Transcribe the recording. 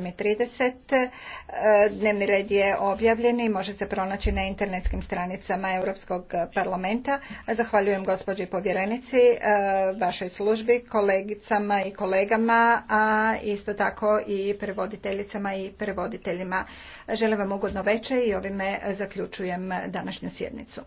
8.30. E, dnevni red je objavljen i može se pronaći na internetskim stranicama Europskog parlamenta. Zahvaljujem gospođi povjerenici, e, vašoj službi, kolegicama i kolegama, a isto tako i prevoditeljicama i prevoditeljima. Želim vam ugodno večer i ovime zaključujem današnju sjednicu.